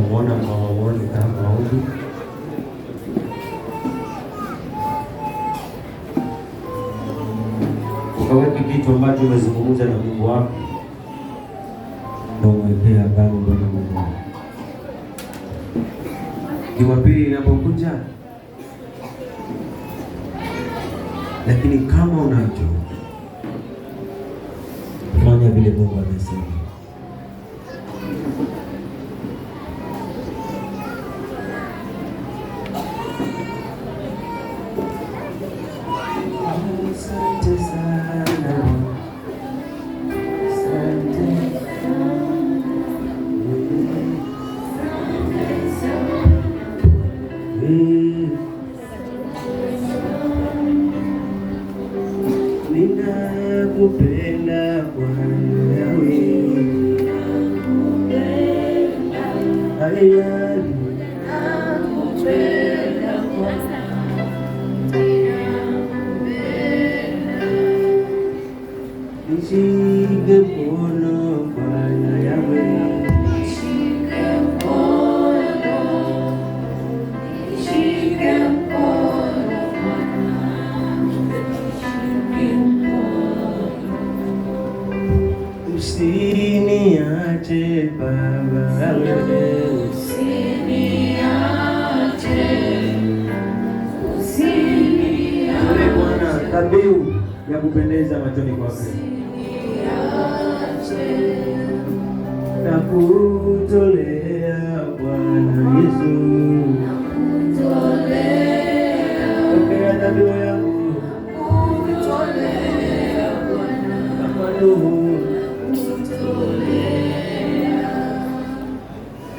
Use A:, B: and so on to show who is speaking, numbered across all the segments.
A: mama hawaoni kama huyu ukaweki kitu ambacho umezungumza na Mungu wako, na umwekea agano na Mungu wako. Jumapili inapokuja, lakini kama unacho fanya vile Mungu amesema.
B: Hallelujah. Usiniache
A: dhabihu ya kupendeza machoni kwako.
B: Nakutolea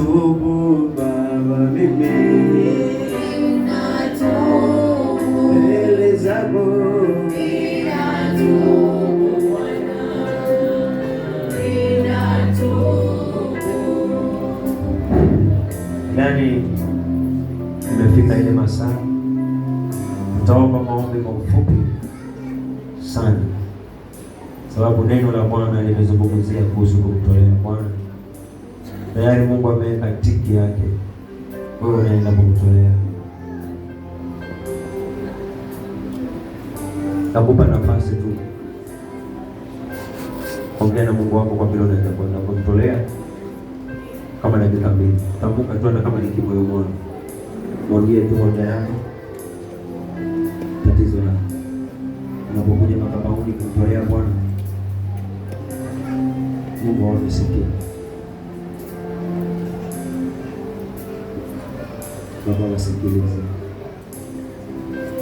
B: Ninatubu Baba, mimi ninatubu mbele zako, ninatubu
A: nani, imefika ile masaa tutaomba maombi sana, sababu neno la Bwana limezungumzia kuhusu kumtolea Bwana Tayari Mungu ameweka tiki yake, wewe unaenda kumtolea. Nakupa nafasi tu, ongea na Mungu wako kwa vile unaweza kumtolea kama dakika mbili. Tambuka tu, hata kama ni kimoyomoyo, mwambie tu hoja yako, tatizo la unapokuja madhabahuni kumtolea Bwana Mungu awasikie. Baba wasikilize,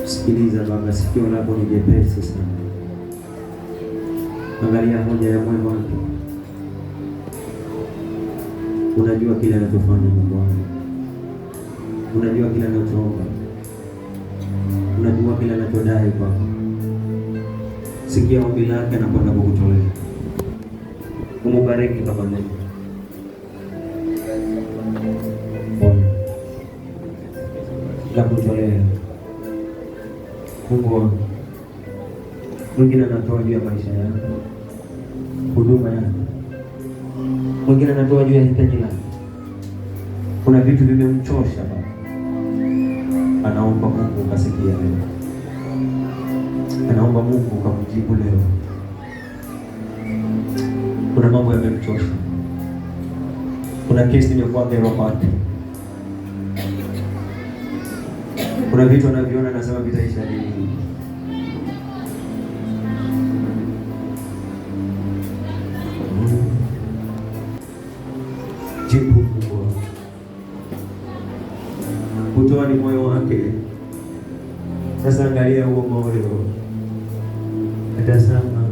A: sikiliza Baba, sikio lako ni jepesi sana. Angalia hoja ya moyo wake, unajua kile anachofanya Mungu wangu, unajua kile anachoomba, unajua kile anachodai Baba. Sikia ombi lake na kwenda kukutolea. Umubariki Baba. la kutolea. Mungu mwingine anatoa juu ya maisha yako, huduma yako, mwingine anatoa juu ya hitaji lako. Kuna vitu vimemchosha Baba, anaomba Mungu ukasikia leo, anaomba Mungu ukamjibu leo. Kuna mambo yamemchosha, kuna kesi imekuwa mbele kwake kuna vitu anaviona anasema vitaisha lini? Hmm. Jibu kubwa kutoa ni moyo wake. Sasa angalia huo moyo, atasema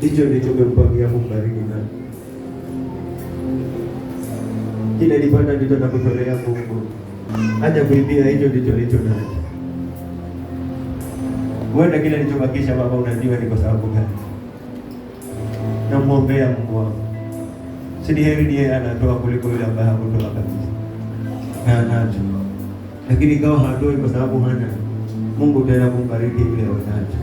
A: hicho ndicho kimpangia kumbariki na kile nipanda ndito nakutolea Mungu acha kuibia, hicho ndicho licho nacho huenda kile nilichobakisha Baba unajua ni kwa sababu gani. Namwombea Mungu wangu, si ni heri ni yeye anatoa kuliko yule ambaye hakutoa kabisa, na anacho lakini kama hatoi kwa sababu hana. Mungu tena kumbariki yule anacho.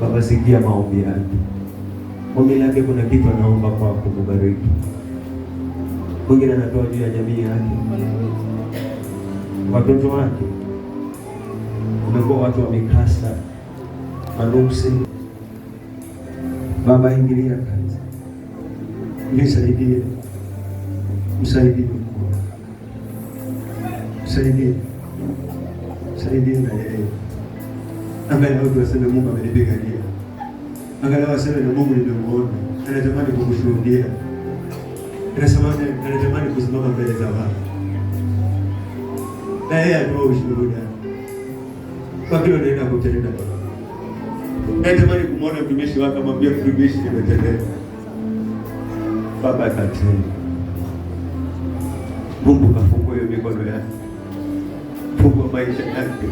A: Baba, sikia maombi yake, ombi lake, kuna kitu anaomba kwako, kubariki mwingine anatoa juu ya jamii yake, watoto wake. Umekuwa watu wa mikasa, manusi. Baba, ingilia kati, nisaidie, msaidie, msaidie, msaidie na yeye angalau watu waseme Mungu amenipigania, angalau waseme na Mungu nimemuona, anatamani kukushuhudia natamani kusimama mbele za watu na yeye atoa ushuhuda kwa kile naenda kutenda. Natamani kumwona mtumishi wake, amwambia mtumishi, nimetendeka Baba, katenda. Mungu kafungua hiyo mikono yake, fungua maisha yake,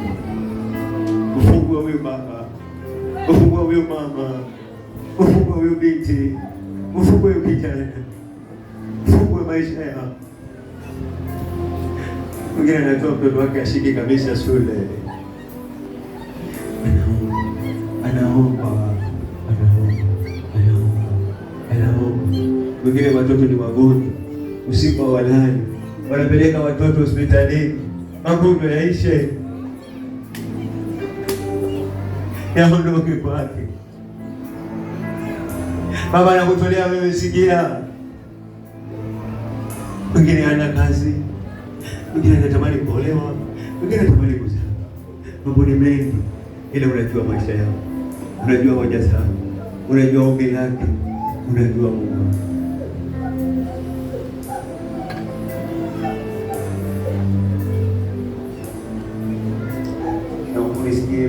A: ufungua huyo baba, ufungua huyo mama, ufungua huyo binti, ufungua huyo kijana maisha yao. Mwingine anatoa mtoto wake ashiki kabisa shule, anaomba anaomba anaomba anaomba. watoto ni wagonjwa, usiku hawalali, wanapeleka watoto hospitalini, magonjwa yaishe, yaondoke kwake. Baba, nakutolea wewe, sikia mwingine hana kazi, mwingine anatamani kuolewa, mwingine anatamani kuzaa. Mambo ni mengi, ila unajua maisha yao, unajua hoja zao, unajua ombi lake, unajua Mungu.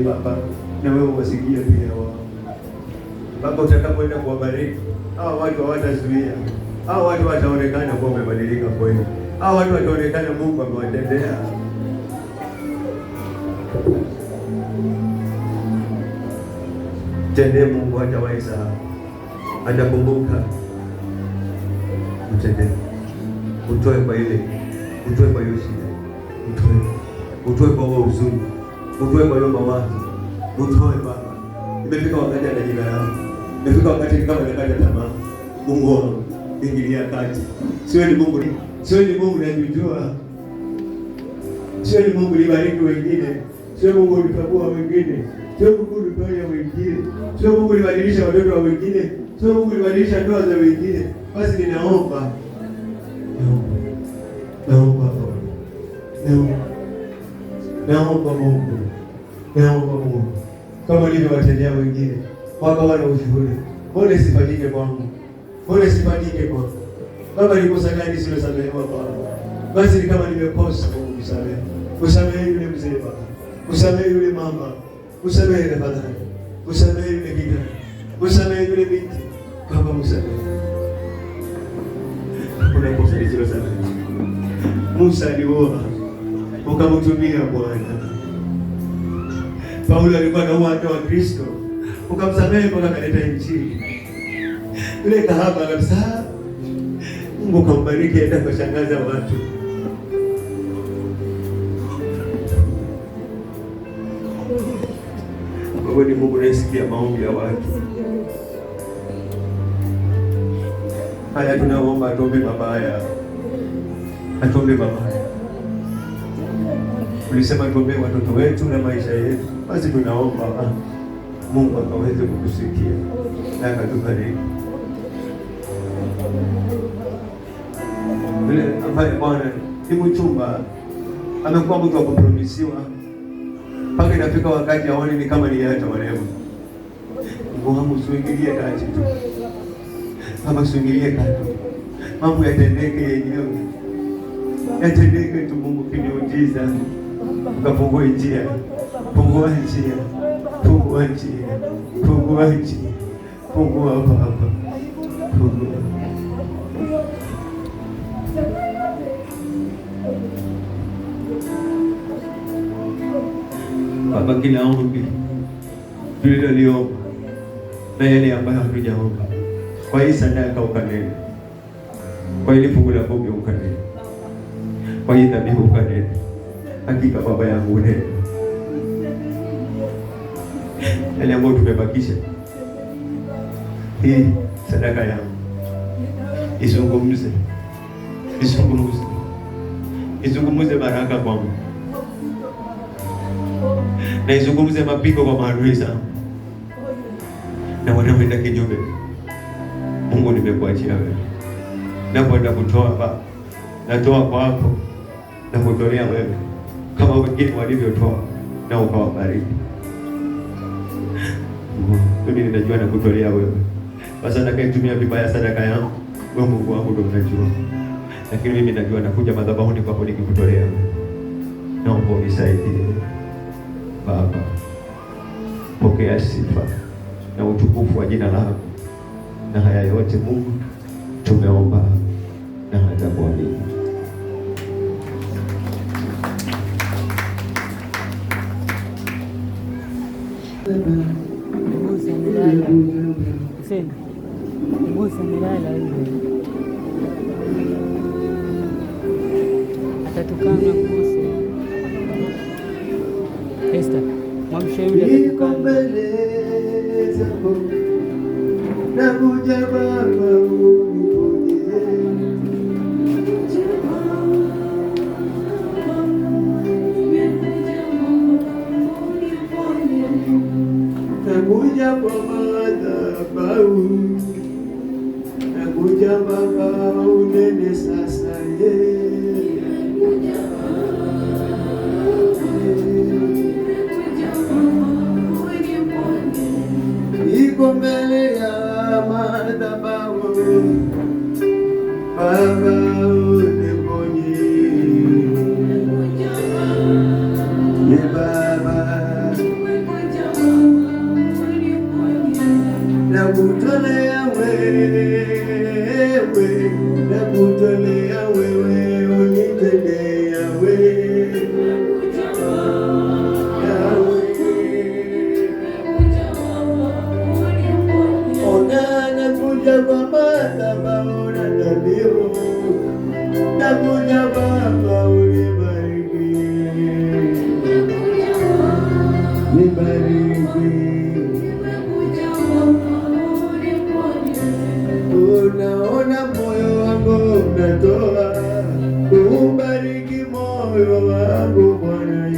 A: Baba, na wewe wasikia pia wao Baba, utakapoenda kuwabariki hawa watu hawatazuia hao watu wataonekana kuwa wamebadilika kweli. hao watu wataonekana Mungu amewatendea. Tendee Mungu, ataweza atakumbuka. Mtendee, utoe kwa ile, utoe kwa hiyo shida, utoe, utoe kwa huo huzuni, utoe kwa hiyo mawazo, utoe Baba. Imefika wakati ana imefika wakati kama anakata tamaa Mungu wangu ingilia kati. Sio ni Mungu, sio ni Mungu anajijua. Sio ni Mungu libariki wengine, sio Mungu ulikagua wengine, sio Mungu ulipanya wengine, sio Mungu ulibadilisha watoto wa wengine, sio Mungu ulibadilisha ndoa za wengine. Basi ninaomba, naomba, naomba, naomba Mungu, naomba Mungu kama nilivyowatendea wengine, wakawa na ushuhuda, mbona sifanyike kwangu? mbona sibadike kwa Baba, nilikosa gani Sio silosamehewa Baba? Basi ni kama nimekosa kusamehe, kusamehe yule mzee Baba, kusamehe yule mama, kusamehe yule fadhali, kusamehe yule kijana, kusamehe yule binti Baba, msamehe. Hakuna kosa lisilosamehewa. Musa aliuoa ukamtumia Bwana. Paulo alikuwa na uwa wa Kristo ukamsamehe mpaka kaleta Injili leta hapa kabisa, Mungu kambariki, aenda kushangaza watu. Wewe ni Mungu unayesikia maombi ya watu. Haya, tunaomba atuombe mabaya, atuombe mabaya. Ulisema tuombe watoto wetu na maisha yetu, basi tunaomba ah, Mungu akaweze kukusikia na akatubariki. vile ambaye Bwana ni mchumba, amekuwa mtu wa kupromisiwa mpaka inafika wakati aone ni kama ni yeye atamarehemu. Mungu, usiingilie kati tu Baba, usiingilie kati, mambo yatendeke yenyewe, yatendeke tu Mungu kiniujiza, ukafungua njia, fungua njia, fungua njia, fungua njia, fungua Baba baki na ombi tuliloliomba mbele ambayo hatujaomba. Kwa hii sadaka ukanene, kwa hili fungu la pombe ukanene, kwa hii dhabihu ukanene. Hakika baba yangu unene yale ambayo tumebakisha. Hii sadaka yangu izungumze, izungumze, izungumze baraka kwangu na mapigo kwa maadui zangu na wanaoenda kinyume. Mungu, nimekuachia wewe, nakwenda kutoa Baba, natoa kwako na kutolea wewe, kama wengine walivyotoa na ukawabariki. Mimi ninajua na kutolea wewe, basi atakaitumia vibaya sadaka yangu wewe, Mungu wangu, ndio unajua, lakini mimi najua nakuja madhabahuni kwako nikikutolea, naomba unisaidie. Baba, pokea sifa na utukufu wa jina lako, na haya yote Mungu tumeomba na hata kuamini.
C: Atatukana mwanamke yule
B: mbele zako na kuja Kumbari ki que wangu Bwana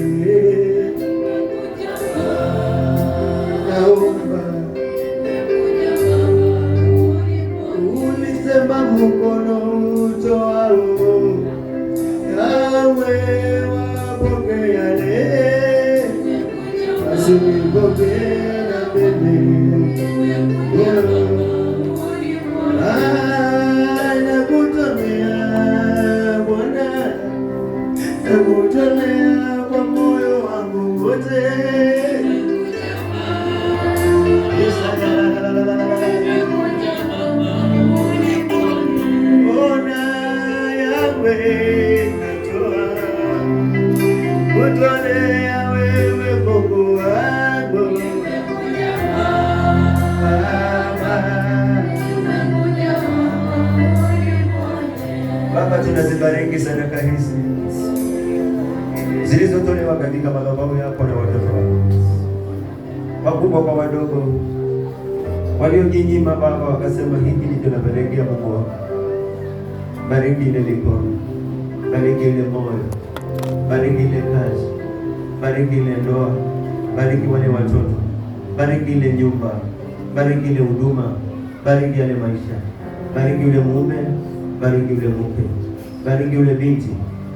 B: nakutolea kwa moyo wangu wote
A: Baba, tunazibariki sadaka hizi zilizotolewa katika madhabahu yako na watoto wako, wakubwa kwa wadogo, waliojinyima Baba wakasema hiki ndicho napelekea Mungu wako. Bariki ile mikono, bariki ile moyo, bariki ile kazi, bariki ile ndoa, bariki wale watoto, bariki ile nyumba, bariki ile huduma, bariki yale maisha, bariki yule mume, bariki yule mke, bariki yule binti,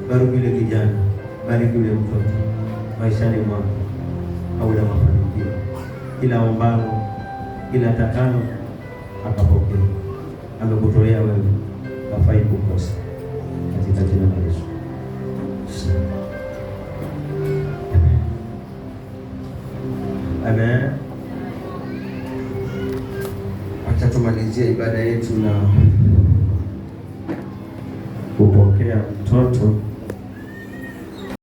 A: bariki yule kijana Bariki yule mtoto maishani mwangu au la mafanikio, kila ombalo, kila takalo akapokea, amekutolea wewe, hafai kukosa, katika jina la Yesu. Amen. Acha tumalizie ibada yetu na